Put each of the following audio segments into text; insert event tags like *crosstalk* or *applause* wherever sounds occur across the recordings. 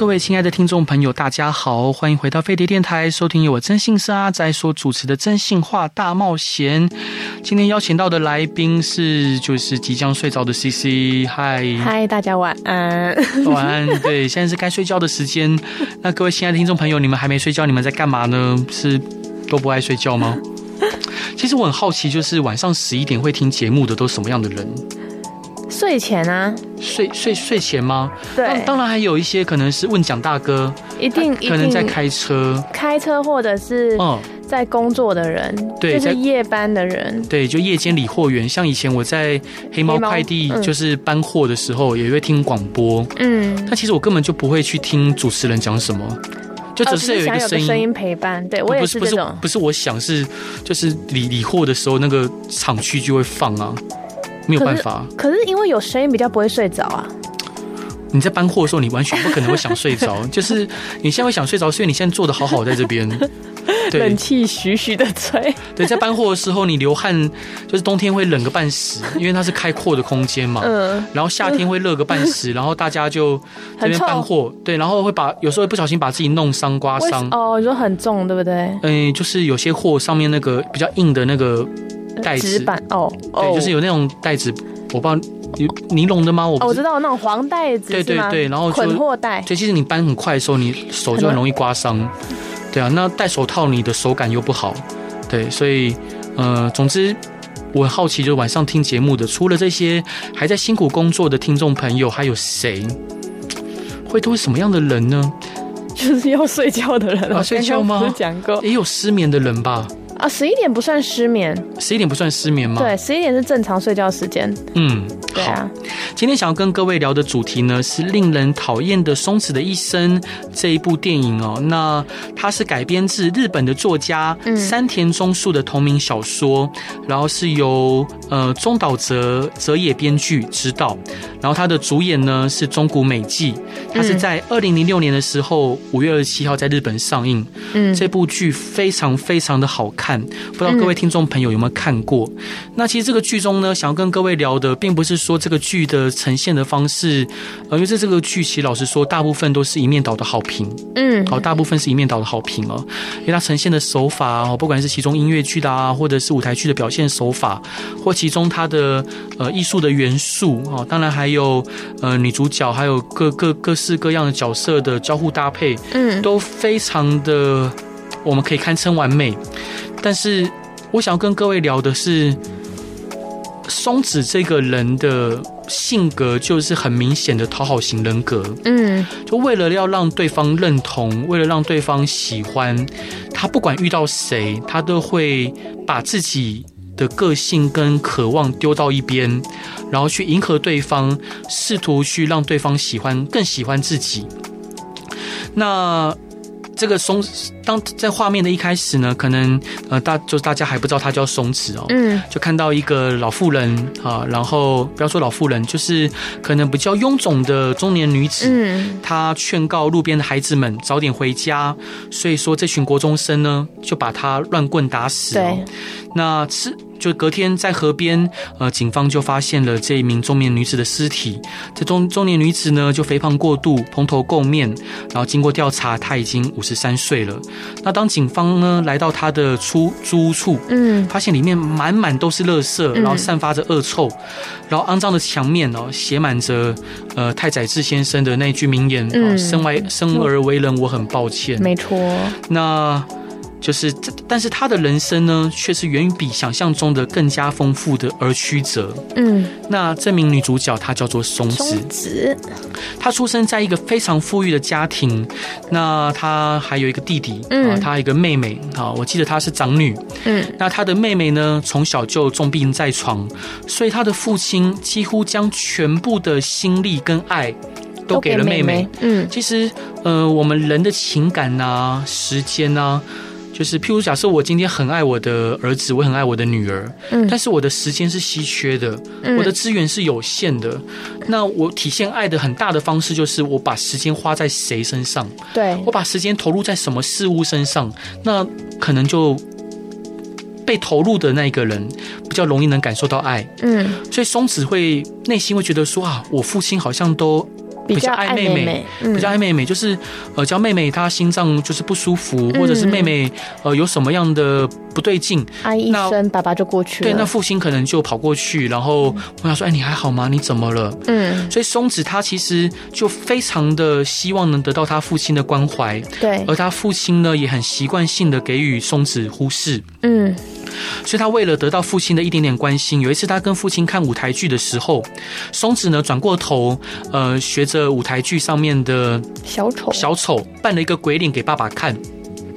各位親愛的聽眾朋友，大家好，歡迎回到飛碟電台，收聽由我徵信社阿宅所主持的《徵信話大冒險》。今天邀請到的來賓是，就是即將睡着的 CC。嗨，嗨，大家晚安，晚安。對，現在是該睡覺的時間。 *laughs* 那各位親愛的聽眾朋友，你們還沒睡覺，你們在幹嘛呢？是都不愛睡覺嗎？ *laughs* 其實我很好奇，就是晚上十一點會聽節目的都是什麼樣的人？睡前啊，睡睡睡前嗎？對，當然還有一些可能是問蔣大哥，一定可能在開車、開車或者是在工作的人，對、嗯，就是夜班的人，對，對就夜間理貨員。像以前我在黑貓快遞、嗯，就是搬貨的時候也會聽廣播，嗯，但其實我根本就不會去聽主持人講什麼，就只是有一個聲音、呃就是、聲音陪伴。對，我也是不是不是不是，我想是就是理理貨的時候，那個廠區就會放啊。沒有辦法，可是，可是因為有聲音比較不會睡着啊。你在搬貨的時候，你完全不可能會想睡着， *laughs* 就是你現在會想睡着，所以你現在坐得好好，在這邊，對，冷氣徐徐的吹對。對，在搬貨的時候，你流汗，就是冬天會冷個半死， *laughs* 因為它是開闊的空間嘛。嗯、然後夏天會熱個半死、嗯，然後大家就這邊搬貨，對，然後會把有時候不小心把自己弄傷、刮傷。哦，你說很重，對不對？嗯，就是有些貨上面那個比較硬的那個。袋子板哦，哦，對，就是有那種袋子，我不知道尼龍的嗎？我不知道、哦、知道那種黃袋子，對對對，然後捆貨袋。所以其實你搬很快的時候，你手就很容易刮傷、嗯。對啊，那戴手套你的手感又不好。對，所以呃，總之我很好奇，就是晚上聽節目的，除了這些還在辛苦工作的聽眾朋友，還有誰會都是什麼樣的人呢？就是要睡覺的人啊，睡覺嗎我？也有失眠的人吧。啊、哦，十一點不算失眠，十一點不算失眠嗎？對，十一點是正常睡覺時間。嗯、啊，好。今天想要跟各位聊的主題呢，是令人討厭的松子的一生這一部電影哦。那它是改編自日本的作家山田宗樹的同名小說，嗯、然後是由呃中島哲、哲也編劇執導，然後他的主演呢是中谷美紀。它是在二零零六年的時候五月二十七號在日本上映。嗯，這部劇非常非常的好看。不知道各位聽眾朋友有沒有看過？嗯、那其實這個劇中呢，想要跟各位聊的，並不是說這個劇的呈現的方式，呃，因為在這個劇，其實老實說，大部分都是一面倒的好評。嗯，好、哦，大部分是一面倒的好評哦，因為它呈現的手法啊、哦，不管是其中音樂劇的啊，或者是舞台劇的表現手法，或其中它的呃藝術的元素啊、哦，當然還有呃女主角，還有各各各式各樣的角色的交互搭配，嗯，都非常的。我們可以堪稱完美，但是我想要跟各位聊的是，松子這個人的性格就是很明顯的討好型人格，嗯，就為了要讓對方認同，為了讓對方喜歡，他不管遇到誰，他都會把自己的個性跟渴望丟到一邊，然後去迎合對方，試圖去讓對方喜歡，更喜歡自己。那。這個松當在畫面的一開始呢，可能呃大就是大家還不知道他叫松子哦，嗯，就看到一個老婦人啊，然後不要說老婦人，就是可能比較臃腫的中年女子，她、嗯、勸告路邊的孩子們早點回家，所以說這群國中生呢就把他亂棍打死了。對，那吃。就隔天在河邊，呃，警方就發現了這一名中年女子的屍體。這中中年女子呢，就肥胖過度，蓬頭垢面。然後經過調查，她已經五十三歲了。那當警方呢來到她的出租屋處，嗯，發現裡面滿滿都是垃圾，然後散發着惡臭，嗯、然後骯髒的牆面哦，寫滿着呃太宰治先生的那句名言生為、嗯呃、生而為人，我很抱歉。沒錯。那。就是這，但是她的人生呢，卻是遠比想象中的更加豐富的而曲折。嗯，那這名女主角她叫做松子，松子，她出生在一個非常富裕的家庭。那她還有一個弟弟，嗯，她一個妹妹啊。我記得她是長女。嗯，那她的妹妹呢，從小就重病在床，所以她的父親幾乎將全部的心力跟愛都給了妹妹。妹妹，嗯，其實呃，我們人的情感吶、啊，時間吶、啊。就是，譬如假設我今天很愛我的兒子，我很愛我的女兒，嗯，但是我的時間是稀缺的，嗯，我的資源是有限的，那我體現愛的很大的方式就是我把時間花在誰身上，對，我把時間投入在什麼事物身上，那可能就被投入的那個人比較容易能感受到愛，嗯，所以松子會內心會覺得說啊，我父親好像都。比較愛妹妹，嗯，比較愛妹妹，就是，呃，叫妹妹，她心臟就是不舒服，或者是妹妹，呃，有什麼樣的不對勁，哎一聲，那爸爸就過去了。對，那父親可能就跑過去，然後我想說、嗯，哎，你還好嗎？你怎麼了？嗯，所以松子他其實就非常的希望能得到他父親的關懷。對、嗯，而他父親呢，也很習慣性的給予松子忽視。嗯，所以他為了得到父親的一點點關心，有一次他跟父親看舞台劇的時候，松子呢轉過頭，呃，學着舞台劇上面的小丑，小丑扮了一個鬼臉給爸爸看。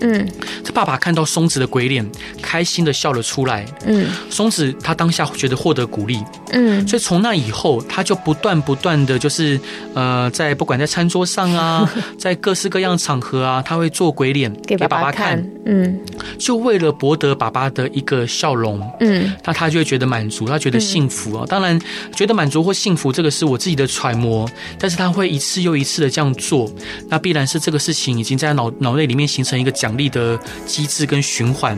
嗯，他爸爸看到松子的鬼臉，開心的笑了出來。嗯，松子他當下覺得獲得鼓勵。嗯，所以從那以後，他就不斷不斷的就是，呃，在不管在餐桌上啊，在各式各樣場合啊，他會做鬼臉 *laughs* 給爸爸看。嗯，就為了博得爸爸的一個笑容。嗯，那他就會覺得滿足，他覺得幸福哦、啊。當然，覺得滿足或幸福，這個是我自己的揣摩。但是他會一次又一次的這樣做，那必然是這個事情已經在腦腦內裡面形成一個。獎勵的機制跟循環，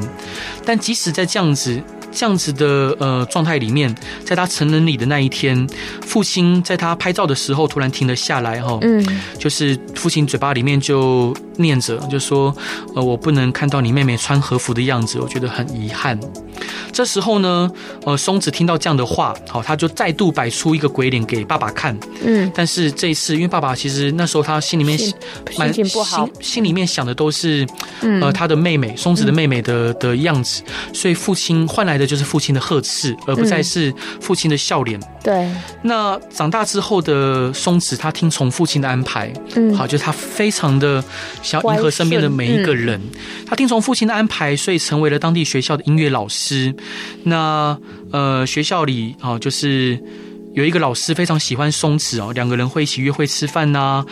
但即使在這樣子。這樣子的呃狀態裡面，在他成人禮的那一天，父親在他拍照的時候突然停了下來哈、哦，嗯，就是父親嘴巴裡面就念着，就說，呃，我不能看到你妹妹穿和服的樣子，我覺得很遺憾。這時候呢，呃，松子聽到這樣的話，好、哦，他就再度擺出一個鬼臉給爸爸看，嗯，但是這一次，因為爸爸其實那時候他心裡面心蠻心心心裡面想的都是，嗯、呃，他的妹妹松子的妹妹的、嗯、的樣子，所以父親換來的。就是父親的呵斥，而不再是父親的笑臉、嗯。對，那長大之後的松子，她聽從父親的安排。嗯，好，就是她非常的想要迎合身邊的每一個人、嗯。她聽從父親的安排，所以成為了當地學校的音樂老師。那呃，學校裡哦，就是有一個老師非常喜歡松子哦，兩個人會一起約會吃飯吶、啊，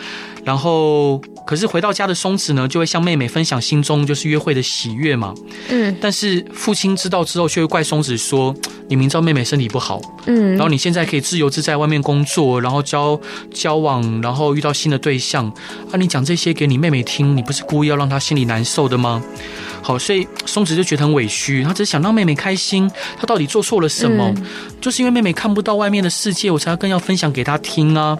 然後。可是回到家的松子呢，就會向妹妹分享心中就是約會的喜悅嘛。嗯。但是父親知道之後，卻會怪松子說：“你明知道妹妹身體不好，嗯，然後你現在可以自由自在外面工作，然後交交往，然後遇到新的對象啊，你講這些給你妹妹聽，你不是故意要讓她心裡難受的嗎？”好，所以松子就覺得很委屈，她只是想讓妹妹開心，她到底做錯了什麼？嗯。就是因為妹妹看不到外面的世界，我才更要分享給她聽啊。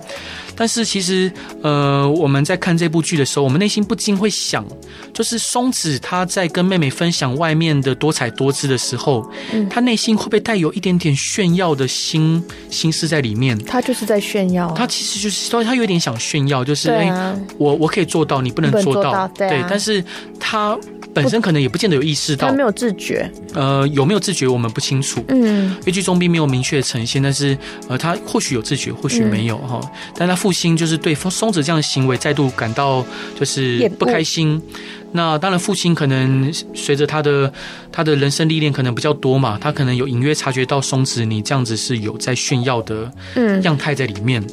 但是其實，呃，我們在看這部劇的時候，我們內心不禁會想，就是松子她在跟妹妹分享外面的多彩多姿的時候，嗯，她內心會不會帶有一點點炫耀的心心思在裡面？她就是在炫耀啊。她其實就是，所以她有點想炫耀，就是哎，對啊，欸，我我可以做到，你不能做到，做到對啊，對。但是她本身可能也不見得有意識到，沒有自覺。呃，有沒有自覺我們不清楚。嗯，因為劇中並沒有明確呈現，但是呃，她或許有自覺，或許沒有哈，嗯，但她。父親就是對松子這樣的行為再度感到就是不開心，那當然父親可能隨着他的他的人生歷練可能比較多嘛，他可能有隱約察覺到松子你這樣子是有在炫耀的樣態在裡面。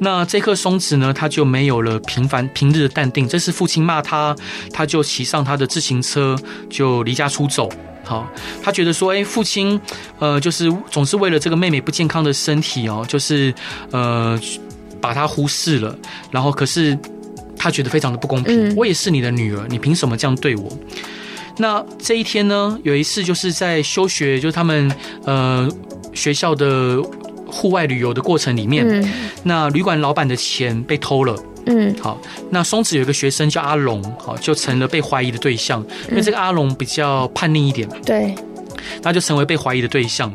那這顆松子呢，他就沒有了平凡平日的淡定，這是父親罵他，他就騎上他的自行車就離家出走。好，他覺得說，哎，父親，呃，就是總是為了這個妹妹不健康的身體哦，就是，呃，把她忽視了。然後，可是他覺得非常的不公平、嗯。我也是你的女兒，你憑什麼這樣對我？那這一天呢，有一次就是在休學，就是他們呃學校的戶外旅遊的過程裡面，嗯、那旅館老闆的錢被偷了。嗯，好。那松子有一個學生叫阿龍，好，就成了被懷疑的對象，嗯，因為這個阿龍比較叛逆一點，對，那就成為被懷疑的對象。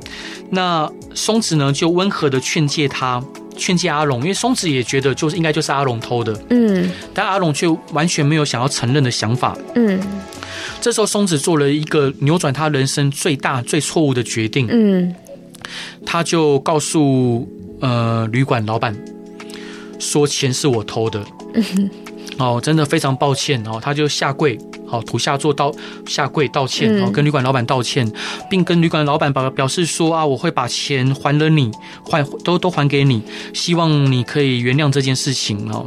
那松子呢，就溫和的勸誡他，勸誡阿龍，因為松子也覺得就是應該就是阿龍偷的，嗯，但阿龍卻完全沒有想要承認的想法，嗯。這時候松子做了一個扭轉他人生最大最錯誤的決定，嗯，他就告訴呃旅館老闆。說錢是我偷的， *laughs* 哦，真的非常抱歉哦，他就下跪，好，哦，土下座道下跪道歉，哦，跟旅館老板道歉，嗯，並跟旅館老板表表示說啊，我會把錢還了你，還都都還給你，希望你可以原諒這件事情哦。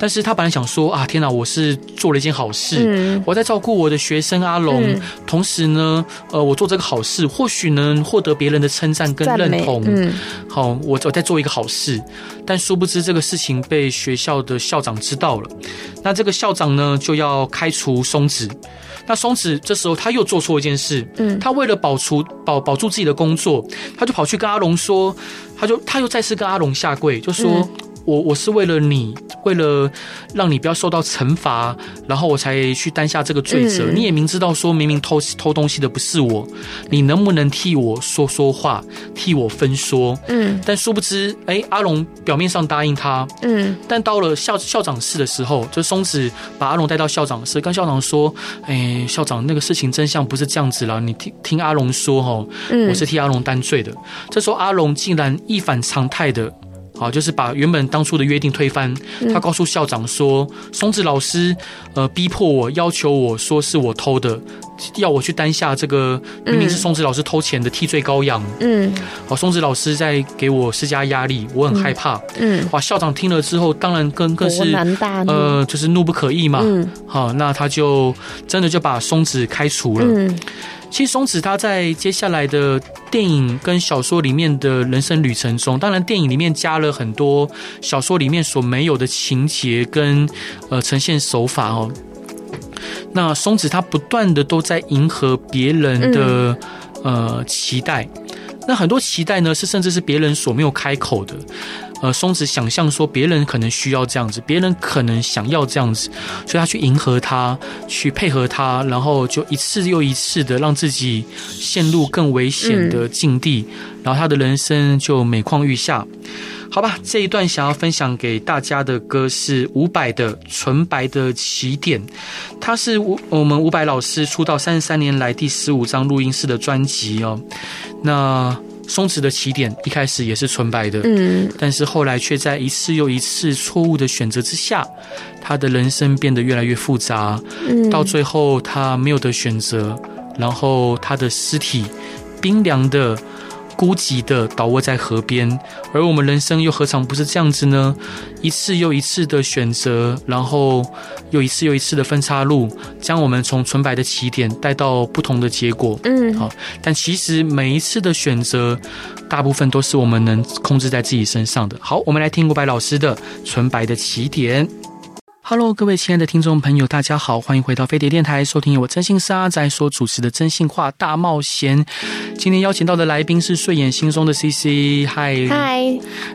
但是他本來想說啊，天哪，我是做了一件好事，嗯、我在照顧我的學生阿龍、嗯，同時呢，呃，我做這個好事或許能獲得別人的稱讚跟認同。嗯、好，我我在做一個好事，但殊不知這個事情被學校的校長知道了，那這個校長呢就要開除松子。那松子這時候他又做錯一件事、嗯，他為了保住保保住自己的工作，他就跑去跟阿龍說，他就他又再次跟阿龍下跪，就說。嗯我我是為了你，為了讓你不要受到懲罰，然後我才去擔下這個罪責。嗯，你也明知道說，明明偷偷東西的不是我，你能不能替我說說話，替我分說？嗯。但殊不知，哎，阿龍表面上答應他，嗯。但到了校校長室的時候，就松子把阿龍帶到校長室，跟校長說：“哎，校長，那個事情真相不是這樣子了，你聽聽阿龍說吼，哦，我是替阿龍擔罪的。”嗯，這時候，阿龍竟然一反常態的。好，就是把原本當初的約定推翻。他告訴校長說：“嗯、松子老師，呃，逼迫我，要求我說是我偷的，要我去擔下這個、嗯、明明是松子老師偷錢的替罪羔羊。”嗯，好，松子老師在給我施加壓力，我很害怕。嗯，嗯，哇，校長聽了之後，當然更更是呃，就是怒不可遏嘛。嗯，好，那他就真的就把松子開除了。嗯其實松子她在接下來的電影跟小說裡面的人生旅程中，當然電影裡面加了很多小說裡面所沒有的情節跟呃呈現手法哦。那松子她不斷的都在迎合別人的呃期待，那很多期待呢是甚至是別人所沒有開口的。呃，松子想象說，別人可能需要這樣子，別人可能想要這樣子，所以他去迎合他，去配合他，然後就一次又一次的讓自己陷入更危險的境地，嗯、然後他的人生就每況愈下。好吧，這一段想要分享給大家的歌是伍佰的《純白的起點》，他是伍我們伍佰老師出道三十三年來第十五張錄音室的專輯哦，那。松子的起點一開始也是純白的，嗯，但是後來卻在一次又一次錯誤的選擇之下，她的人生變得越來越複雜，到最後她沒有得選擇，然後她的屍體，冰涼的。孤寂的倒臥在河邊，而我們人生又何嘗不是這樣子呢？一次又一次的選擇，然後又一次又一次的分岔路，將我們從純白的起點帶到不同的結果。嗯，好，但其實每一次的選擇，大部分都是我們能控制在自己身上的。好，我們來聽伍佰老師的《純白的起點》。哈嘍，各位親愛的聽眾朋友，大家好，歡迎回到飛碟電台，收聽我真心沙仔所主持的《真心話大冒險》。今天邀請到的來賓是睡眼惺忪的 CC，嗨嗨。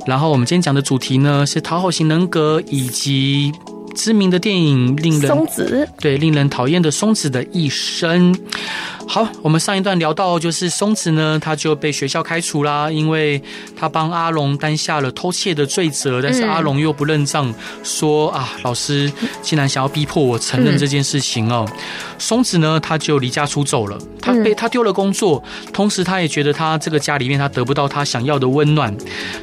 然後我們今天講的主題呢是討好型人格，以及知名的電影《令人松子》，對，令人討厭的松子的一生。好，我們上一段聊到就是松子呢，他就被學校開除啦，因為他幫阿龍擔下了偷竊的罪責，但是阿龍又不認賬，說啊，老師竟然想要逼迫我承認這件事情哦。嗯。松子呢，他就離家出走了，他被他丟了工作，同時他也覺得他這個家裡面他得不到他想要的溫暖，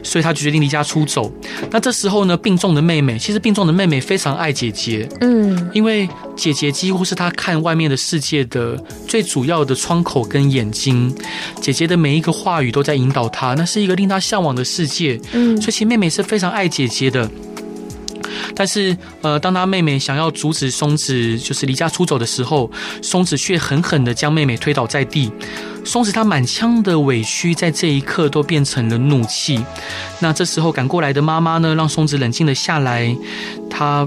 所以他就決定離家出走。那這時候呢，病重的妹妹，其實病重的妹妹非常愛姐姐，嗯，因為姐姐幾乎是他看外面的世界的最主要。要的窗口跟眼睛，姐姐的每一個話語都在引導她，那是一個令她向往的世界。嗯，所以其實妹妹是非常愛姐姐的。但是，呃，當她妹妹想要阻止松子就是離家出走的時候，松子卻狠狠地將妹妹推倒在地。松子她滿腔的委屈在這一刻都變成了怒氣。那這時候趕過來的媽媽呢，讓松子冷靜了下來。她。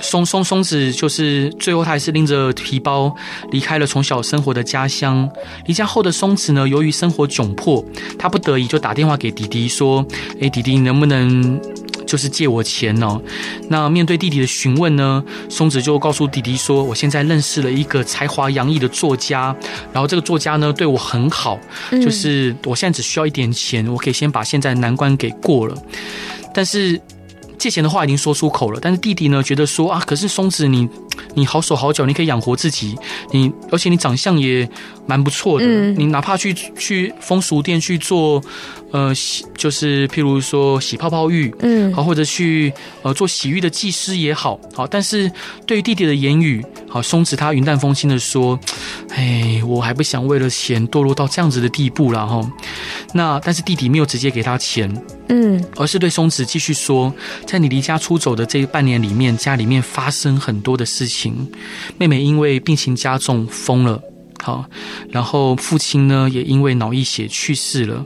松松松子就是最後，他還是拎着皮包離開了從小生活的家鄉。離家後的松子呢，由於生活窘迫，他不得已就打電話給弟弟說：“欸，弟弟，能不能就是借我錢呢、啊？”那面對弟弟的詢問呢，松子就告訴弟弟說：“我現在認識了一個才華洋溢的作家，然後這個作家呢對我很好，就是我現在只需要一點錢，我可以先把現在難關給過了。”但是。借錢的話已經說出口了，但是弟弟呢，覺得說啊，可是松子你。你好手好腳，你可以養活自己。你而且你長相也蠻不錯的，嗯。你哪怕去去風俗店去做，呃洗，就是譬如說洗泡泡浴，嗯，好或者去呃做洗浴的技師也好，好。但是對於弟弟的言語，好松子他雲淡風輕的說：“哎，我還不想為了錢墮落到這樣子的地步了哈。”那但是弟弟沒有直接給他錢，嗯，而是對松子繼續說：“在你離家出走的這半年裡面，家裡面發生很多的事情。”情，妹妹因為病情加重瘋了，好，然後父親呢也因為腦溢血去世了。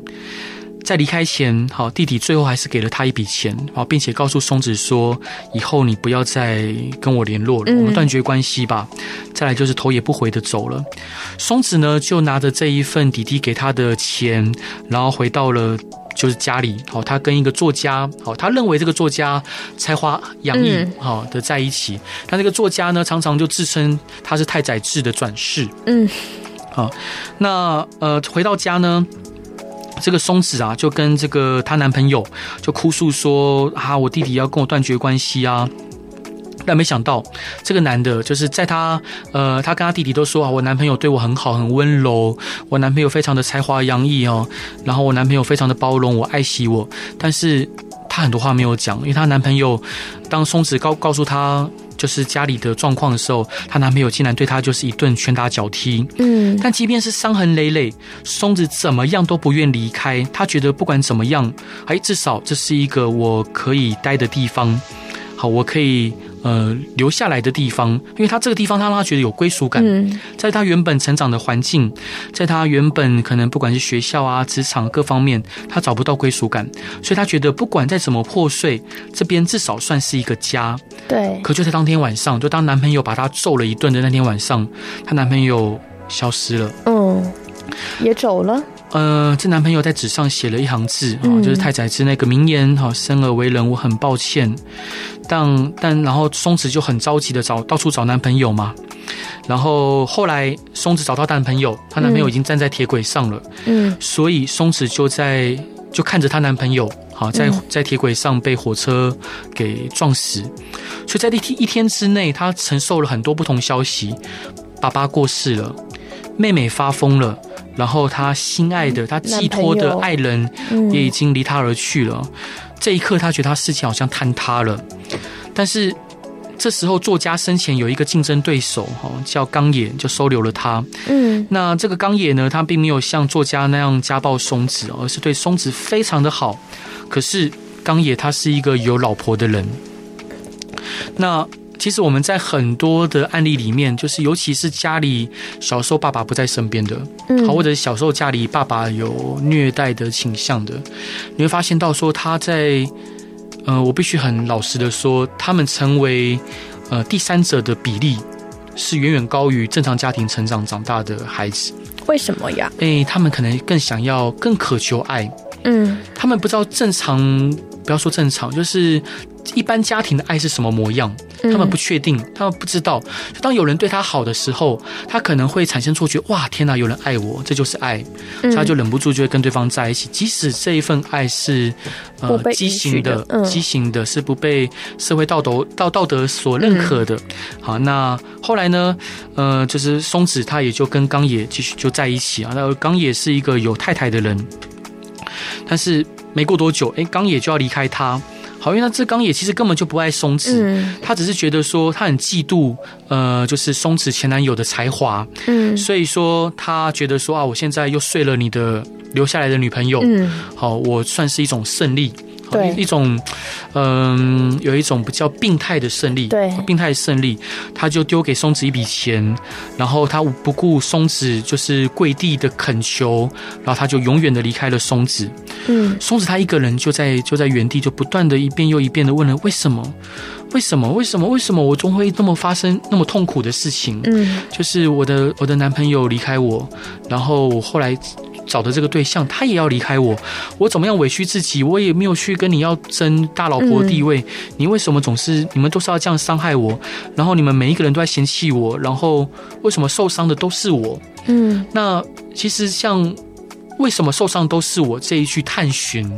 在離開前，好，弟弟最後還是給了他一筆錢，好，並且告訴松子說，以後你不要再跟我聯絡了，我們斷絕關係吧。再來就是頭也不回的走了，松子呢就拿着這一份弟弟給他的錢，然後回到了。就是家裡，好，他跟一個作家，好，他認為這個作家才華洋溢，好，的在一起。但、嗯、這個作家呢，常常就自稱他是太宰治的轉世。嗯，好，那呃，回到家呢，這個松子啊，就跟這個她男朋友就哭訴說啊，我弟弟要跟我斷絕關係啊。但沒想到，這個男的就是在他，呃，他跟他弟弟都說啊，我男朋友對我很好，很溫柔，我男朋友非常的才華洋溢哦，然後我男朋友非常的包容我，愛惜我。但是，他很多話沒有講，因為他男朋友當松子告告訴他就是家裡的狀況的時候，她男朋友竟然對她就是一頓拳打腳踢。嗯。但即便是傷痕累累，松子怎麼樣都不願離開。他覺得不管怎麼樣，哎，至少這是一個我可以待的地方。好，我可以。呃，留下來的地方，因為他這個地方，他讓他覺得有歸屬感。嗯，在他原本成長的環境，在他原本可能不管是學校啊、職場各方面，他找不到歸屬感，所以他覺得不管再怎麼破碎，這邊至少算是一個家。對。可就在當天晚上，就當男朋友把他揍了一頓的那天晚上，她男朋友消失了。嗯，也走了。呃，這男朋友在紙上寫了一行字，哦、嗯，就是太宰治那個名言，哈，生而為人，我很抱歉。但但然後松子就很着急的找到處找男朋友嘛。然後後來松子找到他男朋友，她男朋友已經站在鐵軌上了，嗯，所以松子就在就看着她男朋友，好在、嗯、在鐵軌上被火車給撞死。所以在一天一天之內，她承受了很多不同消息：爸爸過世了，妹妹發瘋了。然後他心愛的、他寄托的愛人也已經離他而去了，嗯、這一刻他覺得他世界好像坍塌了。但是這時候作家生前有一個競爭對手哈，叫岡野，就收留了他。嗯，那這個岡野呢，他並沒有像作家那樣家暴松子，而是對松子非常的好。可是岡野他是一個有老婆的人，那。其實我們在很多的案例裡面，就是尤其是家裡小時候爸爸不在身邊的，嗯，好，或者小時候家裡爸爸有虐待的傾向的，你會發現到說他在，呃，我必須很老實的說，他們成為呃第三者的比例是遠遠高於正常家庭成長長長大的孩子。為什麼呀？哎，他們可能更想要、更渴求愛。嗯，他們不知道正常，不要說正常，就是。一般家庭的愛是什麼模樣？他們不確定，他們不知道。嗯、就當有人對他好的時候，他可能會產生錯覺：哇，天哪，有人愛我，這就是愛。嗯、他就忍不住就會跟對方在一起，即使這一份愛是呃畸形的、畸形的，嗯、的是不被社會道德、道道德所認可的、嗯。好，那後來呢？呃，就是松子，他也就跟剛野繼續就在一起啊。那剛野是一個有太太的人，但是沒過多久，哎，剛野就要離開他。好，因為那志剛也其實根本就不愛松子，嗯，他只是覺得說他很嫉妒，呃，就是松子前男友的才華，嗯，所以說他覺得說啊，我現在又睡了你的留下來的女朋友，嗯、好，我算是一種勝利。對一一種，嗯，有一種比較病態的勝利，對，病態的勝利，他就丟給松子一筆錢，然後他不顧松子就是跪地的懇求，然後他就永遠的離開了松子，嗯，松子他一個人就在就在原地就不斷的一遍又一遍的問了為什麼，為什麼，為什麼，為什麼我終會那麼發生那麼痛苦的事情，嗯，就是我的我的男朋友離開我，然後我後來。找的這個對象，他也要離開我，我怎麼樣委屈自己，我也沒有去跟你要爭大老婆的地位，嗯，你為什麼總是你們都是要這樣傷害我？然後你們每一個人都在嫌棄我，然後為什麼受傷的都是我？嗯，那其實像為什麼受傷都是我這一句探尋，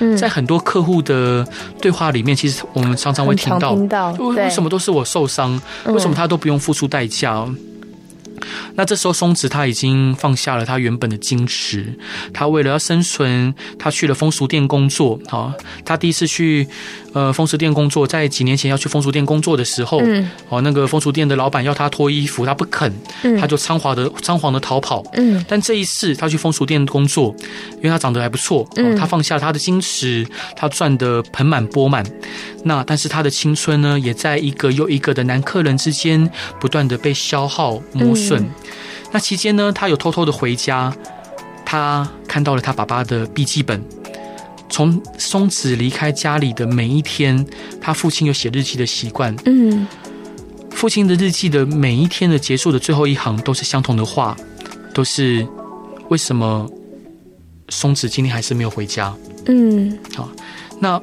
嗯，在很多客戶的對話裡面，其實我們常常會聽到，為為什麼都是我受傷，嗯？為什麼他都不用付出代價？那這時候，松子他已經放下了他原本的矜持，他為了要生存，他去了風俗店工作。好，哦，他第一次去，呃，風俗店工作，在幾年前要去風俗店工作的時候，嗯、哦，那個風俗店的老闆要他脫衣服，他不肯，他就倉皇的、嗯、倉皇的逃跑。嗯，但這一次他去風俗店工作，因為他長得還不錯，嗯哦、他放下了他的矜持，他賺得盆滿缽滿，滿。那但是他的青春呢，也在一個又一個的男客人之間不斷的被消耗磨損。嗯，那期間呢，他有偷偷的回家，他看到了他爸爸的筆記本。從松子離開家裡的每一天，他父親有寫日記的習慣。嗯，父親的日記的每一天的結束的最後一行都是相同的話，都是為什麼松子今天還是沒有回家？嗯，好，那。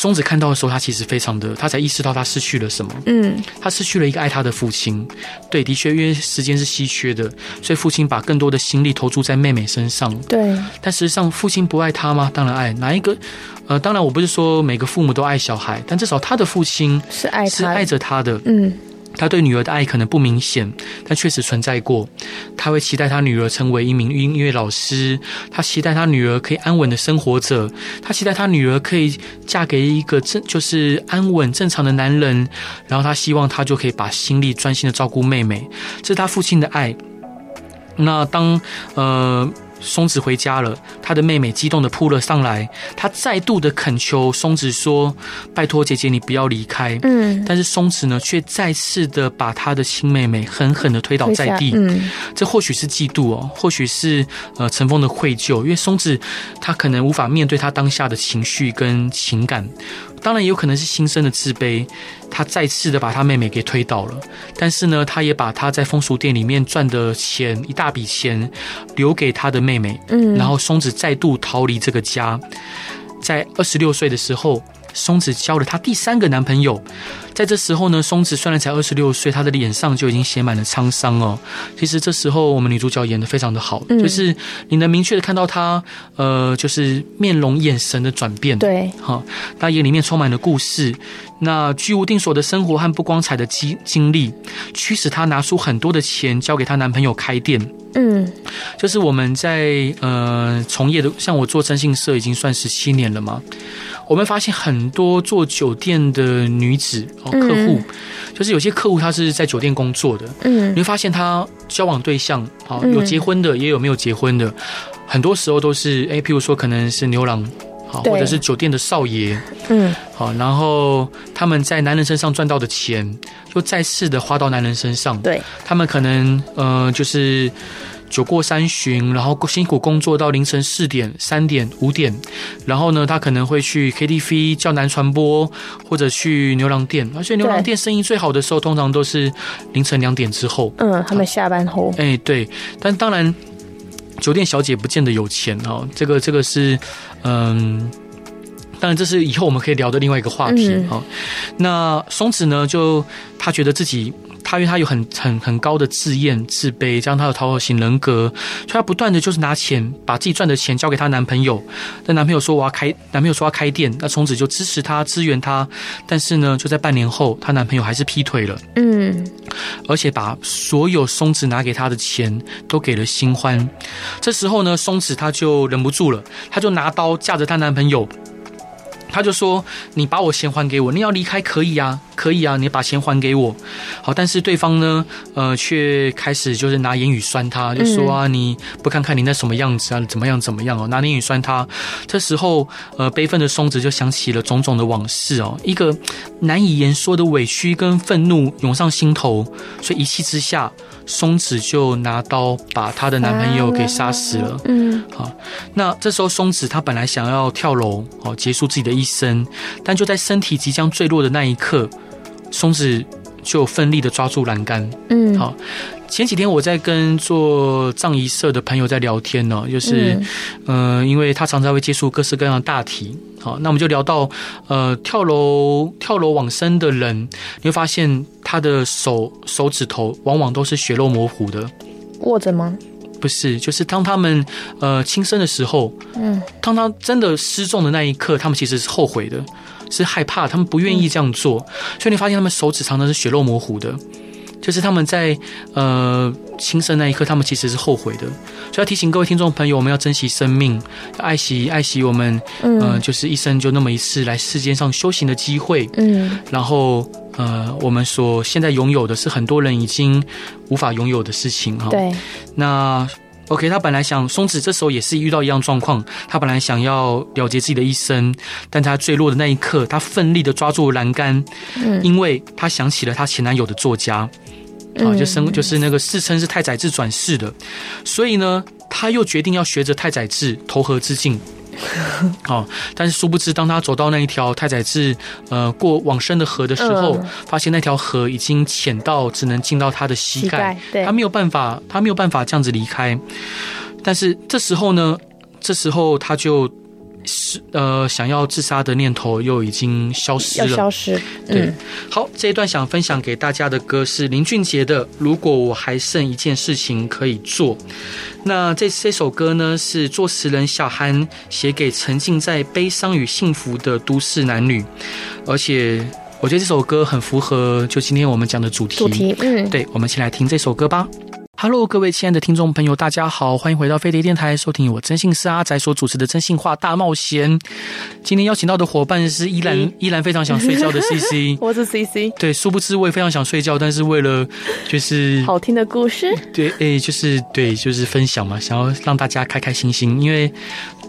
松子看到的時候，他其實非常的，他才意識到他失去了什麼。嗯，他失去了一個愛他的父親。對，的確，因為時間是稀缺的，所以父親把更多的心力投注在妹妹身上。對，但實際上父親不愛他嗎？當然愛。哪一個？呃，當然，我不是說每個父母都愛小孩，但至少他的父親是愛，是愛着他的。他嗯。他對女兒的愛可能不明顯，但確實存在過。他會期待他女兒成為一名音樂老師，他期待他女兒可以安穩的生活着，他期待他女兒可以嫁給一個正就是安穩正常的男人，然後他希望他就可以把心力專心的照顧妹妹，這是他父親的愛。那當呃。松子回家了，她的妹妹激動的撲了上來，她再度的懇求松子說：“拜托姐姐，你不要離開。”嗯，但是松子呢，卻再次的把她的親妹妹狠狠的推倒在地。嗯。這或許是嫉妒哦，或許是呃，塵封的愧疚，因為松子，她可能無法面對她當下的情緒跟情感。當然也有可能是心生的自卑，他再次的把他妹妹給推倒了。但是呢，他也把他在風俗店裡面賺的錢，一大筆錢留給他的妹妹。嗯，然後松子再度逃離這個家，在二十六歲的時候。松子交了她第三個男朋友，在這時候呢，松子雖然才二十六歲，她的臉上就已經寫滿了滄桑哦。其實這時候，我們女主角演的非常的好，就是你能明確的看到她，呃，就是面容眼神的轉變。對，好，她眼裡面充滿了故事。那居無定所的生活和不光彩的經經歷，驅使她拿出很多的錢交給她男朋友開店。嗯，就是我們在呃從業的，像我做徵信社已經算十七年了嘛。我們發現很多做酒店的女子哦，客戶就是有些客戶他是在酒店工作的，嗯，你會發現他交往對象好，有結婚的，也有沒有結婚的，很多時候都是哎，譬如說可能是牛郎好，或者是酒店的少爺，嗯，好，然後他們在男人身上賺到的錢又再次的花到男人身上，對，他們可能嗯，呃，就是。酒過三巡，然後辛苦工作到凌晨四點、三點、五點，然後呢，他可能會去 KTV 叫男傳播，或者去牛郎店。而且牛郎店生意最好的時候，通常都是凌晨兩點之後。嗯，他們下班後。哎、啊欸，對，但當然，酒店小姐不見得有錢哦、啊。這個，這個是，嗯，當然這是以後我們可以聊的另外一個話題、嗯、啊。那松子呢，就她覺得自己。她因為她有很很很高的自怨自卑，加上她有討好型人格，所以她不斷的就是拿錢，把自己賺的錢交給她男朋友。但男朋友說我要開，男朋友說要開店，那松子就支持她，支援她。但是呢，就在半年後，她男朋友還是劈腿了，嗯，而且把所有松子拿給她的錢都給了新歡。這時候呢，松子她就忍不住了，她就拿刀架着她男朋友。他就說：“你把我錢還給我，你要離開可以啊，可以啊，你把錢還給我。”好，但是對方呢，呃，卻開始就是拿言語酸他，就說啊、嗯：“你不看看你那什麼樣子啊，怎麼樣怎麼樣哦，拿言語酸他。”這時候，呃，悲憤的松子就想起了種種的往事哦，一個難以言說的委屈跟憤怒湧上心頭，所以一氣之下。松子就拿刀把她的男朋友給殺死了。啊。嗯，好，那這時候松子她本來想要跳樓，好，結束自己的一生，但就在身體即將墜落的那一刻，松子。就奮力的抓住欄杆。嗯，好，前幾天我在跟做葬儀社的朋友在聊天呢、啊，就是，嗯、呃，因為他常常會接觸各式各樣的大體。好，那我們就聊到，呃，跳樓跳樓往生的人，你會發現他的手手指頭往往都是血肉模糊的。握着嗎？不是，就是當他們呃輕生的時候，嗯，當他真的失重的那一刻，他們其實是後悔的。是害怕，他們不願意這樣做，嗯、所以你發現他們手指常常是血肉模糊的，就是他們在呃輕生那一刻，他們其實是後悔的。所以要提醒各位聽眾朋友，我們要珍惜生命，要愛惜愛惜我們，嗯、呃，就是一生就那麼一次來世間上修行的機會，嗯，然後呃，我們所現在擁有的是很多人已經無法擁有的事情哈，對，哦、那。OK，他本來想松子這時候也是遇到一樣狀況，他本來想要了結自己的一生，但他墜落的那一刻，他奮力的抓住欄杆，嗯，因為他想起了他前男友的作家，嗯、啊，就生就是那個自稱是太宰治轉世的，所以呢，他又決定要學着太宰治投河自盡。 *laughs* 哦，但是殊不知，當他走到那一條太宰治呃過往生的河的時候，呃、發現那條河已經淺到只能進到他的膝蓋，他沒有辦法，他沒有辦法這樣子離開。但是這時候呢，這時候他就。呃，想要自殺的念頭又已經消失了。消失，對、嗯。好，這一段想分享給大家的歌是林俊傑的《如果我還剩一件事情可以做》。那這這首歌呢，是作詞人小寒寫給沉浸在悲傷與幸福的都市男女。而且，我覺得這首歌很符合就今天我們講的主題。主題，嗯、對，我們一起來聽這首歌吧。Hello，各位親愛的聽眾朋友，大家好，歡迎回到飛碟電台，收聽我真心是阿宅所主持的《徵信話大冒險》。今天邀請到的伙伴是依然、嗯、依然非常想睡覺的 CC， *laughs* 我是 CC。對，殊不知我也非常想睡覺，但是為了就是好聽的故事，對，誒，就是對，就是分享嘛，想要讓大家開開心心，因為，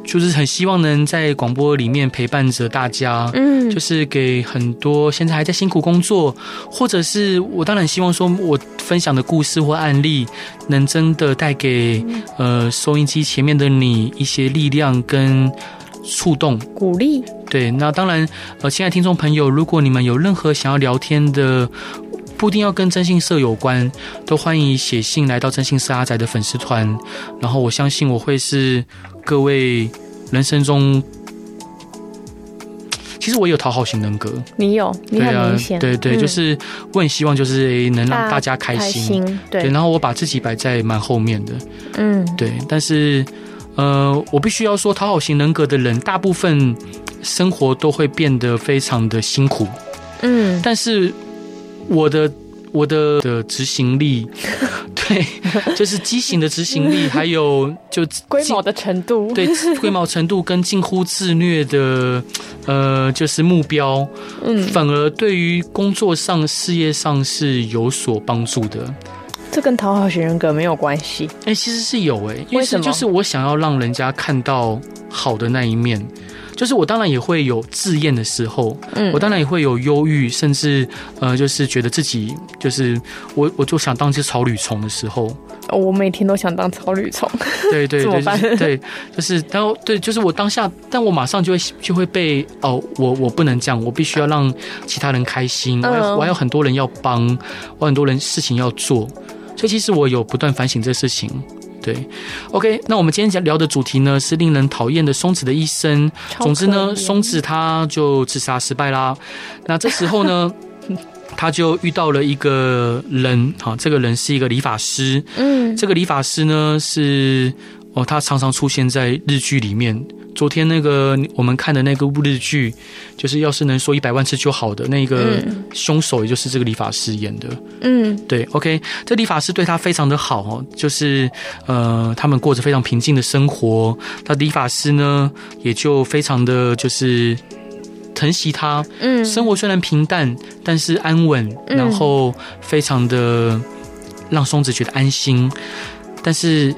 就是很希望能在廣播裡面陪伴着大家，嗯，就是給很多現在還在辛苦工作，或者是我當然希望說我分享的故事或案例，能真的帶給、嗯、呃收音機前面的你一些力量跟觸動。鼓勵。對，那當然，呃，親愛的聽眾朋友，如果你們有任何想要聊天的，不一定要跟徵信社有關，都歡迎寫信來到徵信社阿宅的粉絲團，然後我相信我會是。各位人生中，其實我也有討好型人格，你有，你很明顯，對啊，對對、嗯，就是我很希望就是能讓大家開心，開心，對，對，然後我把自己擺在蠻後面的，嗯，對，但是呃，我必須要說，討好型人格的人，大部分生活都會變得非常的辛苦，嗯，但是我的。我的的執行力，對，就是畸形的執行力，還有就龜毛的程度，對，龜毛程度跟近乎自虐的，呃，就是目標，嗯，反而對於工作上、事業上是有所幫助的。這跟討好型人格沒有關係。哎、欸，其實是有哎、欸，為什麼？是就是我想要讓人家看到好的那一面。就是我當然也會有自厭的時候，嗯，我當然也會有憂鬱，甚至呃，就是覺得自己就是我，我就想當隻草履蟲的時候、哦。我每天都想當草履蟲。對對對，就是、對，就是當對，就是我當下， *laughs* 但我馬上就會就會被哦，我我不能這樣，我必須要讓其他人開心，嗯、我，還有我還有很多人要幫，我很多人事情要做，所以其實我有不斷反省這事情。對，OK，那我們今天想聊的主題呢是令人討厭的松子的一生。總之呢，松子他就自殺失敗啦。那這時候呢， *laughs* 他就遇到了一個人，哈，這個人是一個理髮師。嗯，這個理髮師呢是哦，他常常出現在日劇裡面。昨天那個我們看的那個日劇，就是要是能說一百萬次就好的那個、嗯、兇手，也就是這個理髮師演的。嗯，對，OK，這理髮師對他非常的好哦，就是呃，他們過着非常平靜的生活，那理髮師呢也就非常的就是疼惜他。嗯，生活雖然平淡，但是安穩、嗯，然後非常的讓松子覺得安心，但是。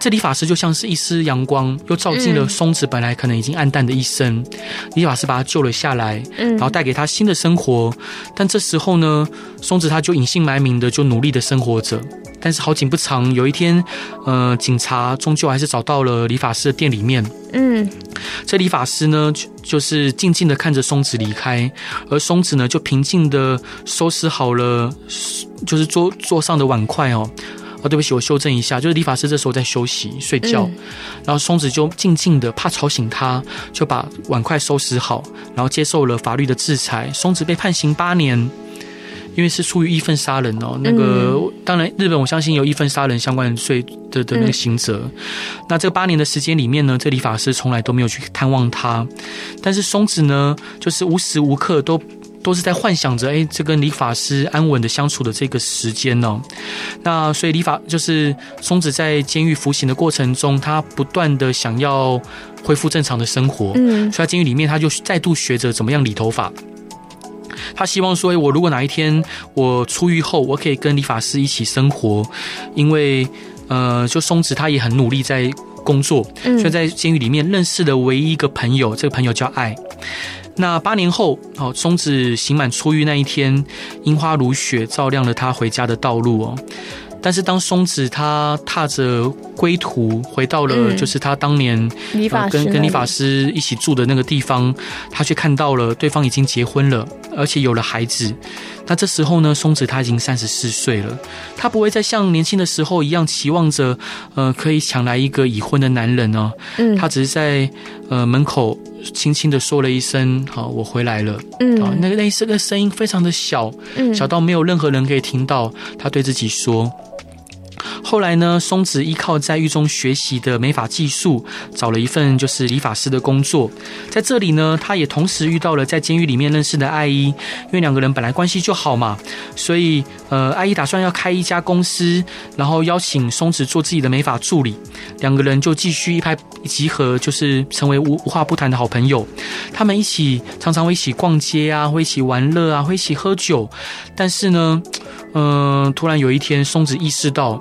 這理髮師就像是一絲陽光，又照進了松子本來可能已經暗淡的一生。嗯，理髮師把他救了下來，嗯，然後帶給他新的生活。但這時候呢，松子他就隱姓埋名的，就努力的生活着。但是好景不長，有一天，呃，警察終究還是找到了理髮師的店裡面。嗯，這理髮師呢，就就是靜靜的看着松子離開，而松子呢，就平靜的收拾好了，就是桌桌上的碗筷哦。啊、哦，對不起，我修正一下，就是理髮師這時候在休息睡覺、嗯，然後松子就靜靜的怕吵醒他，就把碗筷收拾好，然後接受了法律的制裁。松子被判刑八年，因為是出於義憤殺人哦。那個、嗯、當然，日本我相信有義憤殺人相關的罪的的那個刑責、嗯。那這八年的時間裡面呢，這個、理髮師從來都沒有去探望他，但是松子呢，就是無時無刻都。都是在幻想着，哎、欸，這跟理髮師安穩的相處的這個時間呢、啊。那所以理，理髮就是松子在監獄服刑的過程中，他不斷的想要恢復正常的生活。嗯，所以在監獄裡面，他就再度學着怎麼樣理頭髮。他希望說，哎、欸，我如果哪一天我出獄後，我可以跟理髮師一起生活。因為，呃，就松子他也很努力在工作。嗯，所以在監獄裡面認識的唯一一個朋友，這個朋友叫愛。那八年後，哦，松子刑滿出獄那一天，櫻花如雪，照亮了她回家的道路哦。但是，當松子她踏着歸途、嗯、回到了，就是她當年、呃、跟跟理髮師一起住的那個地方，她却看到了對方已經結婚了，而且有了孩子。那這時候呢，松子她已經三十四歲了，她不會再像年輕的時候一樣期望着，呃，可以搶來一個已婚的男人哦、啊。嗯，她只是在呃門口。輕輕的說了一聲：“好，我回來了。”嗯，啊，那個那個聲音非常的小，嗯，小到沒有任何人可以聽到。他對自己說。後來呢，松子依靠在獄中學習的美髮技術，找了一份就是理髮師的工作。在這裡呢，他也同時遇到了在監獄裡面認識的阿姨，因為兩個人本來關係就好嘛，所以呃，阿姨打算要開一家公司，然後邀請松子做自己的美髮助理。兩個人就繼續一拍即合，就是成為無無話不談的好朋友。他們一起常常會一起逛街啊，會一起玩樂啊，會一起喝酒。但是呢，嗯、呃，突然有一天，松子意識到。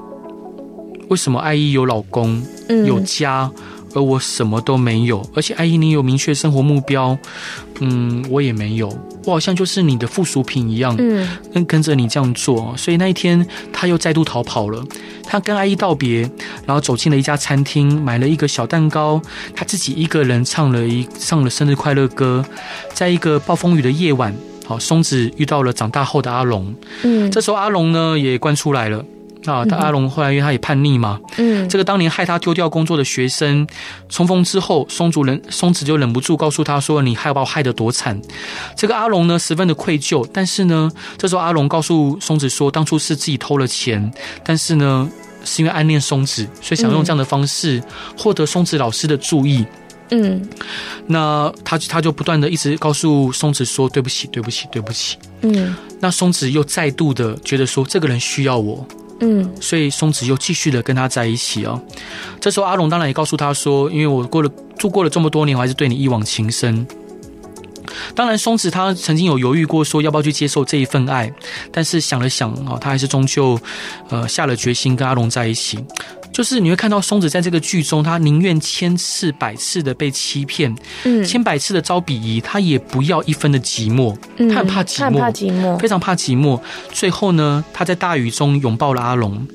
為什麼阿姨有老公，嗯，有家，而我什麼都沒有？而且阿姨你有明確生活目標，嗯，我也沒有，我好像就是你的附屬品一樣，嗯，跟跟着你這樣做。所以那一天，他又再度逃跑了。他跟阿姨道別，然後走進了一家餐廳，買了一個小蛋糕，他自己一個人唱了一唱了生日快樂歌。在一個暴風雨的夜晚，好，松子遇到了長大後的阿龍，嗯，這時候阿龍呢也關出來了。啊，但阿龍後來因為他也叛逆嘛，嗯，這個當年害他丟掉工作的學生，嗯、重逢之後，松子忍、松子就忍不住告訴他說：“你害我害得多慘。”這個阿龍呢，十分的愧疚。但是呢，這時候阿龍告訴松子說：“當初是自己偷了錢，但是呢，是因為暗戀松子，所以想用這樣的方式獲得松子老師的注意。”嗯，那他他就不斷的一直告訴松子說、嗯：“對不起，對不起，對不起。”嗯，那松子又再度的覺得說：“這個人需要我。”嗯，所以松子又繼續的跟他在一起哦。這時候阿龍當然也告訴他說：“因為我過了住過了這麼多年，我還是對你一往情深。”當然，松子她曾經有猶豫過，說要不要去接受這一份愛，但是想了想啊，她還是終究呃下了決心跟阿龍在一起。就是你會看到松子在這個劇中，他寧願千次百次的被欺騙，嗯，千百次的遭鄙夷，他也不要一分的寂寞，嗯、他很怕寂寞，怕寂寞，非常怕寂寞。 *noise* 最後呢，他在大雨中擁抱了阿龍，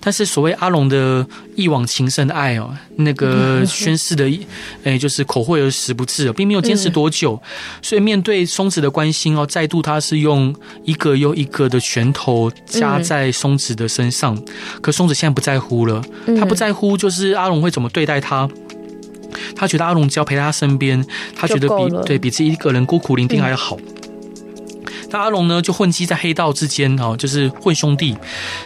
但是所謂阿龍的一往情深的愛哦，那個宣示的，誒、嗯欸、就是口惠而實不至，並沒有堅持多久，嗯。所以面對松子的關心哦，再度他是用一個又一個的拳頭加在松子的身上，嗯，可松子現在不在乎了。他不在乎，就是阿龍會怎麼對待他。他覺得阿龍只要陪在他身邊，他覺得比對比自己一個人孤苦伶仃還要好。那、嗯、阿龍呢，就混迹在黑道之間啊，就是混兄弟。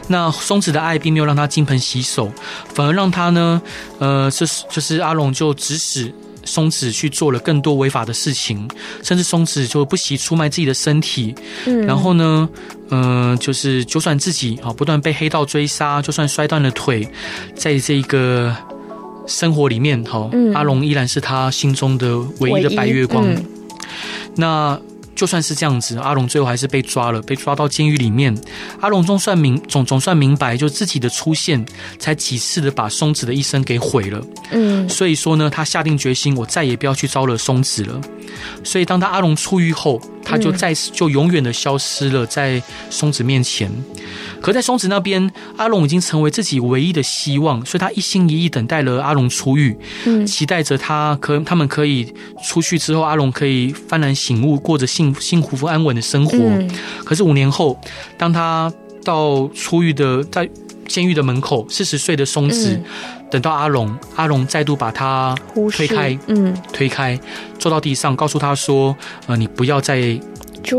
那松子的愛並沒有讓他金盆洗手，反而讓他呢，呃，就是就是阿龍就指使。松子去做了更多違法的事情，甚至松子就不惜出賣自己的身體。嗯、然後呢，嗯、呃，就是就算自己啊不斷被黑道追殺，就算摔斷了腿，在這個生活裡面，哈、啊嗯、阿龍依然是她心中的唯一的白月光。嗯、那。就算是這樣子，阿龍最後還是被抓了，被抓到監獄裡面。阿龍總算明總總算明白，就自己的出現，才幾次的把松子的一生給毀了。嗯，所以說呢，他下定決心，我再也不要去招惹松子了。所以當他阿龍出獄後。他就再次就永遠的消失了在松子面前，可在松子那邊，阿龍已經成為自己唯一的希望，所以他一心一意等待了阿龍出獄，嗯，期待着他可他們可以出去之後，阿龍可以幡然醒悟，過着幸幸福安穩的生活。嗯，可是五年後，當他到出獄的在。監獄的門口，四十歲的松子，嗯、等到阿龍，阿龍再度把他推開，嗯，推開，坐到地上，告訴他說：“呃，你不要再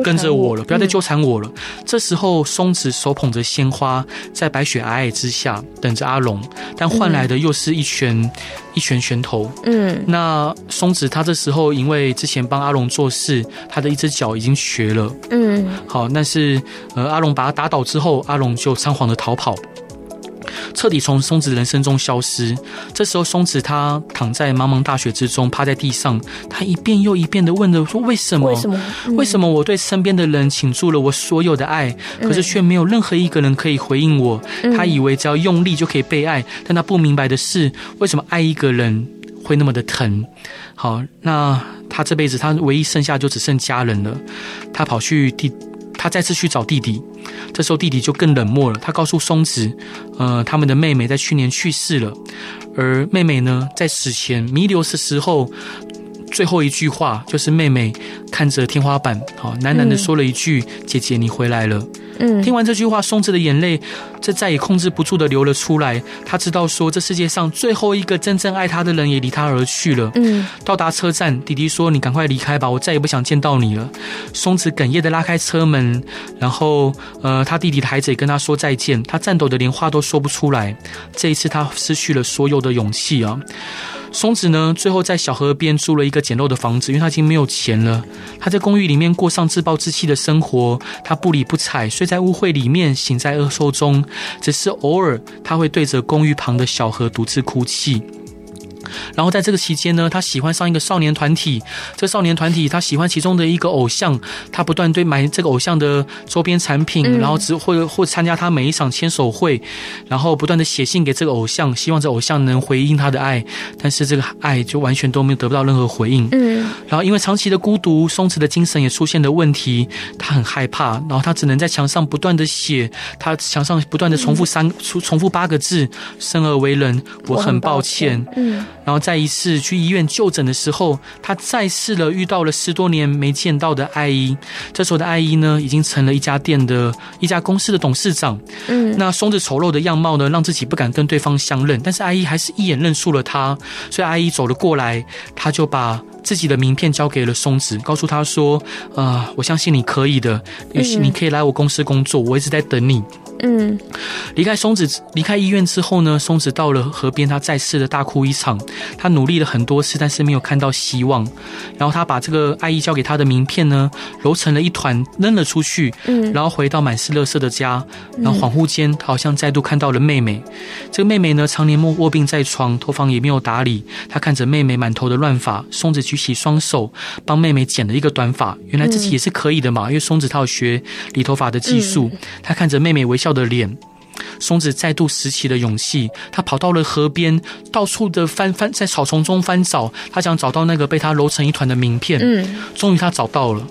跟着我了，不要再糾纏我了。”嗯，這時候，松子手捧着鮮花，在白雪皚皚之下等着阿龍，但換來的又是一拳，嗯，一拳拳頭。嗯，那松子他這時候因為之前幫阿龍做事，他的一隻腳已經瘸了。嗯，好，但是呃，阿龍把他打倒之後，阿龍就倉皇的逃跑，徹底從松子的人生中消失。這時候，松子他躺在茫茫大雪之中，趴在地上。他一遍又一遍的問着：“說為什麼？為什麼？嗯、為什麼我對身邊的人傾注了我所有的愛，可是卻沒有任何一個人可以回應我、嗯？”他以為只要用力就可以被愛，但他不明白的是，為什麼愛一個人會那麼的疼？好，那他這輩子他唯一剩下就只剩家人了。他跑去替。他再次去找弟弟，這時候弟弟就更冷漠了。他告訴松子：“呃，他們的妹妹在去年去世了，而妹妹呢，在死前彌留的時候。”最後一句話就是妹妹看着天花板，好喃喃的說了一句：“嗯、姐姐，你回來了。”嗯，聽完這句話，松子的眼淚這再也控制不住的流了出來。他知道，說這世界上最後一個真正愛他的人也離他而去了。嗯，到達車站，弟弟說：“你趕快離開吧，我再也不想見到你了。”松子哽咽的拉開車門，然後呃，他弟弟的孩子也跟他說再見。他顫抖的連話都說不出來。這一次，他失去了所有的勇氣啊。松子呢，最後在小河邊租了一個簡陋的房子，因為他已經沒有錢了。他在公寓裡面過上自暴自棄的生活，他不理不睬，睡在污穢裡面，醒在惡臭中，只是偶爾他會對着公寓旁的小河獨自哭泣。然後在這個期間呢，他喜歡上一個少年團體，這個少年團體他喜歡其中的一個偶像，他不斷堆買這個偶像的周邊產品，嗯、然後只或會,會參加他每一場簽售會，然後不斷的寫信給這個偶像，希望這偶像能回應他的愛，但是這個愛就完全都沒有得不到任何回應。嗯。然後因為長期的孤獨，松子的精神也出現了問題，他很害怕，然後他只能在牆上不斷的寫，他牆上不斷的重複三重、嗯、重複八個字：生而為人，我很抱歉。嗯。然後在一次去醫院就診的時候，他再次了遇到了十多年沒見到的阿姨。這時候的阿姨呢，已經成了一家店的一家公司的董事長。嗯，那松子醜陋的樣貌呢，讓自己不敢跟對方相認。但是阿姨還是一眼認出了他，所以阿姨走了過來，他就把自己的名片交給了松子，告訴他說：“呃，我相信你可以的，嗯、你可以來我公司工作，我一直在等你。”嗯，離開松子離開醫院之後呢，松子到了河邊，他再次的大哭一場。他努力了很多次，但是沒有看到希望。然後他把這個愛意交給他的名片呢，揉成了一團扔了出去。嗯，然後回到滿是垃圾的家，嗯，然後恍惚間，他好像再度看到了妹妹。這個妹妹呢，常年臥臥病在床，頭髮也沒有打理。他看着妹妹滿頭的亂髮，松子舉起雙手幫妹妹剪了一個短髮。原來自己也是可以的嘛，因為松子她有學理頭髮的技術。他，嗯，看着妹妹微笑。笑的臉，松子再度拾起了勇氣。她跑到了河邊，到處的翻翻，在草叢中翻找。她想找到那個被她揉成一團的名片。終於她找到了。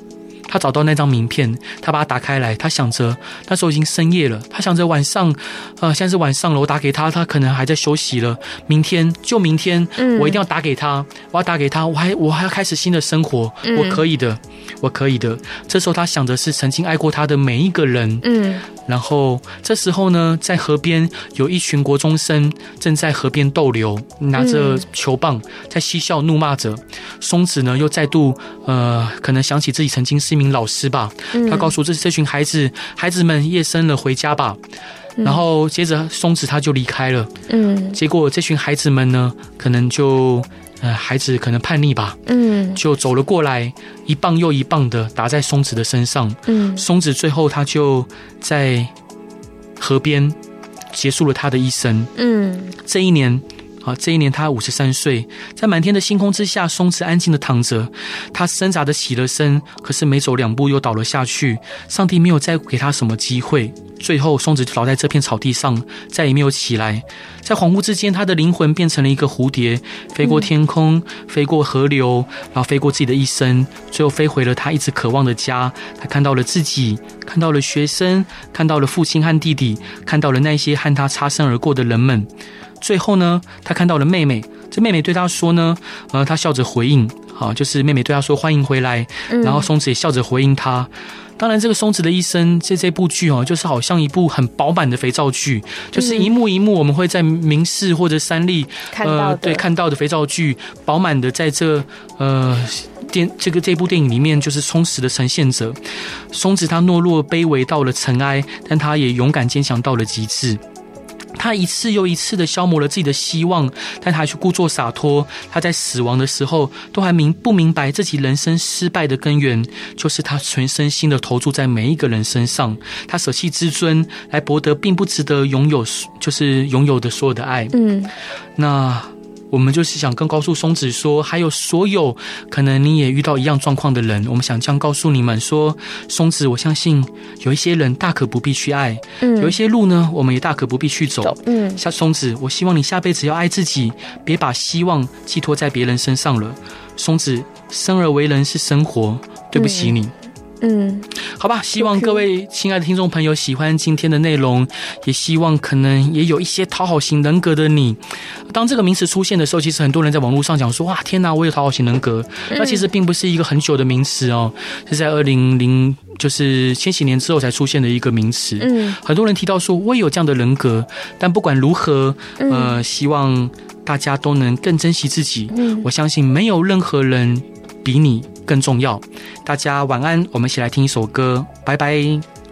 他找到那張名片，他把它打開來。他想着那時候已經深夜了，他想着晚上，呃，現在是晚上了，我打給他，他可能還在休息了。明天就明天，嗯，我一定要打給他，我要打給他，我還我還要開始新的生活，嗯，我可以的，我可以的。這時候他想着是曾經愛過他的每一個人。嗯，然後這時候呢，在河邊有一群國中生正在河邊逗留，拿着球棒在嬉笑怒罵着。松子呢，又再度呃，可能想起自己曾經是一名，老師吧，他告訴這這群孩子，孩子們，夜深了，回家吧。然後接着松子他就離開了。嗯，結果這群孩子們呢，可能就呃，孩子可能叛逆吧，嗯，就走了過來，一棒又一棒的打在松子的身上。嗯，松子最後他就在河邊結束了他的一生。嗯，這一年。啊，這一年他五十三歲，在滿天的星空之下，松子安靜的躺着。他掙扎着起了身，可是沒走兩步又倒了下去。上帝沒有再給他什麼機會，最後松子就倒在這片草地上，再也沒有起來。在恍惚之間，他的靈魂變成了一個蝴蝶，飛過天空，飛過河流，然後飛過自己的一生，最後飛回了他一直渴望的家。他看到了自己，看到了學生，看到了父親和弟弟，看到了那些和他擦身而過的人們。最後呢，他看到了妹妹。這妹妹對他說呢，呃，他笑着回應，好、啊，就是妹妹對他說歡迎回來、嗯。然後松子也笑着回應他。當然，這個松子的一生，這這部劇哦，就是好像一部很飽滿的肥皂劇，就是一幕一幕，我們會在民視或者三立、嗯，呃看對看到的肥皂劇，飽滿的在這呃電這個這部電影裡面，就是充實的呈現着松子，他懦弱卑微到了塵埃，但他也勇敢堅強到了極致。他一次又一次的消磨了自己的希望，但他卻故作灑脫。他在死亡的時候都還明不明白自己人生失敗的根源，就是他全身心的投注，在每一個人身上，他捨棄自尊來博得並不值得擁有，就是擁有的所有的愛。嗯，那。我們就是想跟告訴松子說，還有所有可能你也遇到一樣狀況的人，我們想這樣告訴你們說：松子，我相信有一些人大可不必去愛，嗯，有一些路呢，我們也大可不必去走，走，嗯。像松子，我希望你下輩子要愛自己，別把希望寄托在別人身上了。松子，生而為人是生活，對不起你。嗯。嗯，好吧，希望各位親愛的聽眾朋友喜歡今天的內容，也希望可能也有一些討好型人格的你，當這個名詞出現的時候，其實很多人在網絡上講說，哇，天哪，我有討好型人格。嗯，那其實並不是一個很久的名詞哦，就是在二零零就是千禧年之後才出現的一個名詞。嗯，很多人提到說，我也有這樣的人格，但不管如何，呃，希望大家都能更珍惜自己。嗯，我相信沒有任何人比你。更重要，大家晚安，我們一起來聽一首歌，拜拜。